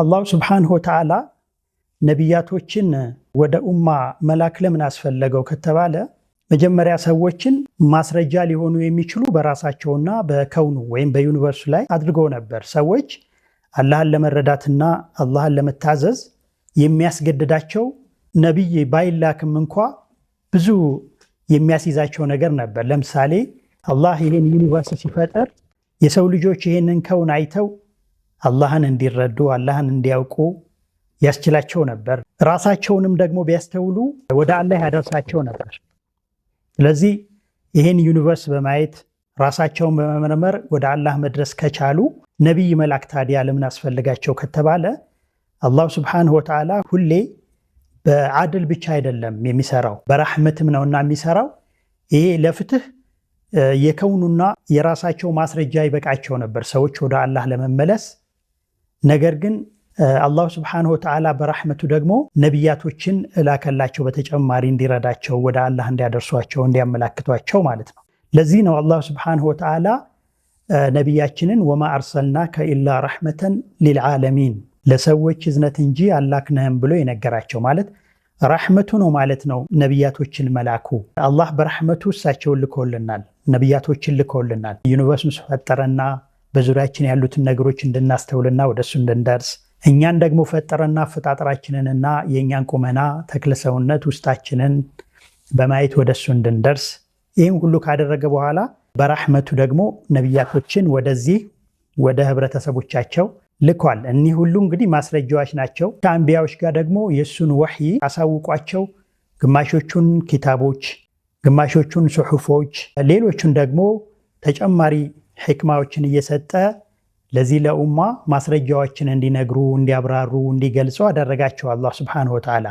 አላሁ ስብሓንሁ ወተዓላ ነቢያቶችን ወደ ኡማ መላክ ለምን አስፈለገው ከተባለ መጀመሪያ ሰዎችን ማስረጃ ሊሆኑ የሚችሉ በራሳቸውና በከውኑ ወይም በዩኒቨርሱ ላይ አድርገው ነበር። ሰዎች አላህን ለመረዳትና አላህን ለመታዘዝ የሚያስገድዳቸው ነቢይ ባይላክም እንኳ ብዙ የሚያስይዛቸው ነገር ነበር። ለምሳሌ አላህ ይህን ዩኒቨርስ ሲፈጠር የሰው ልጆች ይህንን ከውን አይተው አላህን እንዲረዱ አላህን እንዲያውቁ ያስችላቸው ነበር። ራሳቸውንም ደግሞ ቢያስተውሉ ወደ አላህ ያደርሳቸው ነበር። ስለዚህ ይህን ዩኒቨርስ በማየት ራሳቸውን በመመርመር ወደ አላህ መድረስ ከቻሉ ነቢይ መልአክ ታዲያ ለምን አስፈልጋቸው ከተባለ አላሁ ስብሓነሁ ወተዓላ ሁሌ በአድል ብቻ አይደለም የሚሰራው በራህመትም ነውና የሚሰራው። ይሄ ለፍትህ የከውኑና የራሳቸው ማስረጃ ይበቃቸው ነበር ሰዎች ወደ አላህ ለመመለስ ነገር ግን አላሁ ስብሓነሁ ወተዓላ በራሕመቱ ደግሞ ነቢያቶችን እላከላቸው በተጨማሪ እንዲረዳቸው ወደ አላህ እንዲያደርሷቸው እንዲያመላክቷቸው ማለት ነው። ለዚህ ነው አላሁ ስብሓነሁ ወተዓላ ነቢያችንን ወማ አርሰልናከ ኢላ ረሕመተን ሊልዓለሚን ለሰዎች እዝነት እንጂ አላክነህም ብሎ የነገራቸው ማለት ራሕመቱ ነው ማለት ነው። ነቢያቶችን መላኩ አላህ በራሕመቱ እሳቸውን ልኮልናል፣ ነቢያቶችን ልኮልናል ዩኒቨርስ ፈጠረና በዙሪያችን ያሉትን ነገሮች እንድናስተውልና ወደሱ እንድንደርስ እኛን ደግሞ ፈጠረና አፈጣጠራችንንና የእኛን ቁመና ተክለ ሰውነት ውስጣችንን በማየት ወደሱ እንድንደርስ ይህም ሁሉ ካደረገ በኋላ በራህመቱ ደግሞ ነቢያቶችን ወደዚህ ወደ ህብረተሰቦቻቸው ልኳል። እኒህ ሁሉ እንግዲህ ማስረጃዎች ናቸው። ከአንቢያዎች ጋር ደግሞ የእሱን ወሕይ አሳውቋቸው። ግማሾቹን ኪታቦች፣ ግማሾቹን ሱሑፎች፣ ሌሎቹን ደግሞ ተጨማሪ ሕክማዎችን እየሰጠ ለዚህ ለኡማ ማስረጃዎችን እንዲነግሩ፣ እንዲያብራሩ፣ እንዲገልጹ አደረጋቸው አላህ ስብሓነሁ ወተዓላ።